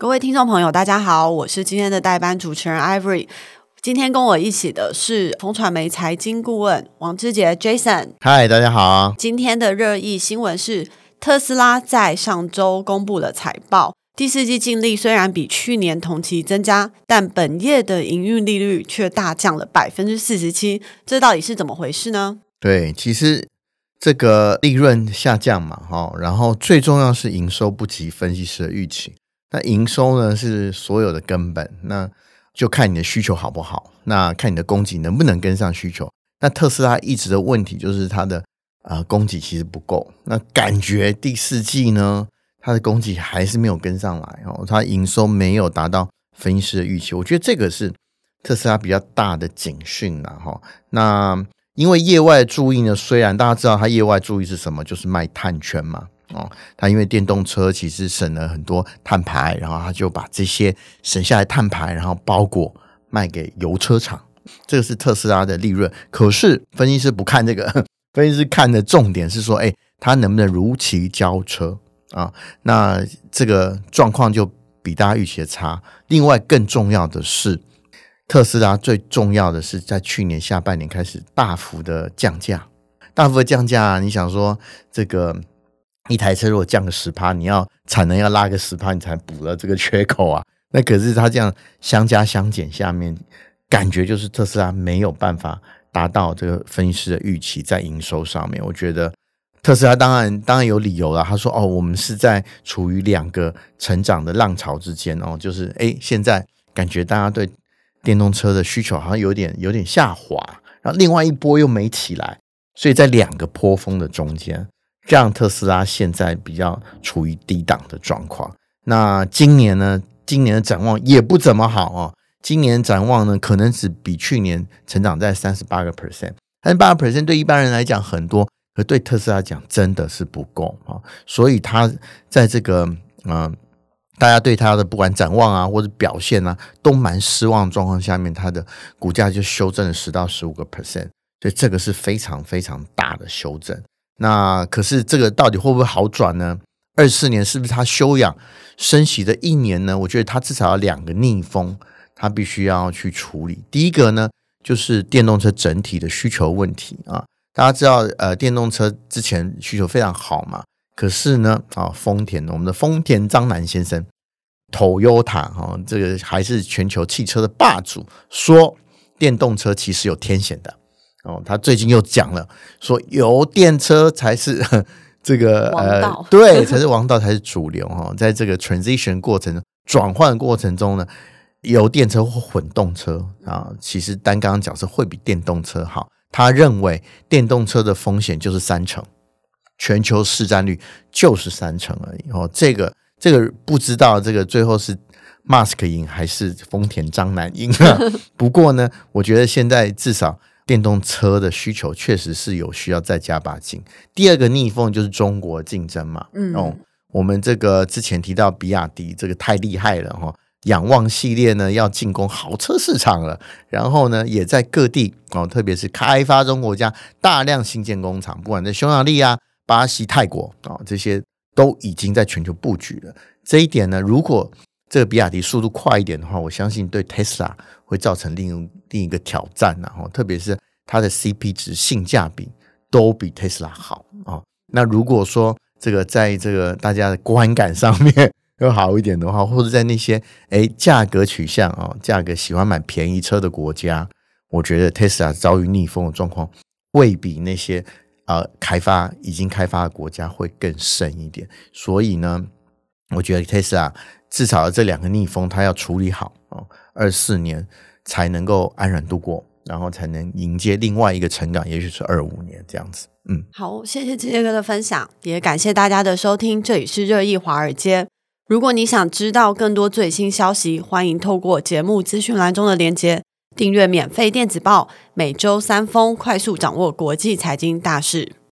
各位聽眾朋友，大家好，我是今天的代班主持人 Ivory。今天跟我一起的是風傳媒財經顧問王之杰 Jason。嗨，大家好。今天的熱議新聞是特斯拉在上周公布了財報，第四季淨利雖然比去年同期增加，但本業的營運利率卻大降了百分之四十七。這到底是怎麼回事呢？對，其實這個利潤下降嘛，哈，然後最重要是營收不及分析師的預期。那營收呢是所有的根本，那就看你的需求好不好，那看你的供給能不能跟上需求。那特斯拉一直的問題就是它的啊、呃、供給其實不夠，那感覺第四季呢它的供給還是沒有跟上來哦，它營收沒有達到分析師的預期，我覺得這個是特斯拉比較大的警訊啦哈、哦。那因為業外挹注呢，雖然大家知道它業外挹注是什麼，就是賣碳權嘛。哦，他因為電動車其實省了很多碳排，然後他就把這些省下來碳排，然後包裹賣給油車廠，這個是特斯拉的利潤。可是分析師不看這個，分析師看的重點是說，哎，他能不能如期交車啊？哦，那這個狀況就比大家預期的差。另外更重要的是，特斯拉最重要的是在去年下半年開始大幅的降價，大幅的降價啊，你想說這個。一台車如果降個十趴，你要產能要拉個十趴，你才補了這個缺口啊？那可是它這樣相加相減下面，感覺就是特斯拉沒有辦法達到這個分析師的預期在營收上面。我覺得特斯拉當然當然有理由啦，他說哦，我們是在處於兩個成長的浪潮之間哦，就是誒、欸、現在感覺大家對電動車的需求好像有點有點下滑，然後另外一波又沒起來，所以在兩個波峰的中間。這樣特斯拉現在比較處於低檔的狀況。那今年呢？今年的展望也不怎麼好啊、哦。今年的展望呢，可能只比去年成長在三十八個 percent。三十八個 percent 對一般人來講很多，而對特斯拉講真的是不夠啊、哦。所以它在這個嗯、呃，大家對它的不管展望啊，或者表現啊，都蠻失望的狀況下面，它的股價就修正了十到十五個 percent。所以這個是非常非常大的修正。那可是這個到底會不會好轉呢？二四年是不是他休養生息的一年呢？我覺得他至少要兩個逆風，他必須要去處理。第一個呢，就是電動車整體的需求問題啊。大家知道，呃，電動車之前需求非常好嘛。可是呢，啊、哦，豐田，我們的豐田章男先生，Toyota 哦，這個還是全球汽車的霸主，說電動車其實有天險的。哦，他最近又講了，說油電車才是這個呃，王道 對，才是王道，才是主流哦，在這個 transition 過程轉換過程中呢，油電車或混動車啊、哦，其實單剛剛講是會比電動車好。他認為電動車的風險就是三成，全球市占率就是三成而已。哦，這個這個不知道這個最後是 Musk 贏還是豐田章男贏。 不過呢，我覺得現在至少。電動車的需求確實是有需要再加把勁。第二個逆風就是中國競爭嘛，嗯、哦，我們這個之前提到比亞迪這個太厲害了哈、哦，仰望系列呢要進攻豪車市場了，然後呢也在各地哦，特別是開發中國家大量新建工廠，不管在匈牙利啊、巴西、泰國啊、哦、這些都已經在全球布局了。這一點呢，如果這個比亞迪速度快一點的話，我相信對 Tesla 會造成另另一個挑戰，啊，然後特別是它的 C P 值性價比都比 Tesla 好啊，哦。那如果說這個在這個大家的觀感上面要好一點的話，或者在那些哎價格取向啊，價格喜歡買便宜車的國家，我覺得 Tesla 遭遇逆風的狀況，會比那些呃開發已經開發的國家會更深一點。所以呢，我覺得 Tesla。至少這兩個逆風，他要處理好哦，二四年才能夠安然度過，然後才能迎接另外一個成長，也許是二五年這樣子。嗯，好，謝謝杰哥的分享，也感謝大家的收聽，這裡是熱議華爾街。如果你想知道更多最新消息，歡迎透過節目資訊欄中的連結訂閱免費電子報，每周三封，快速掌握國際財經大事。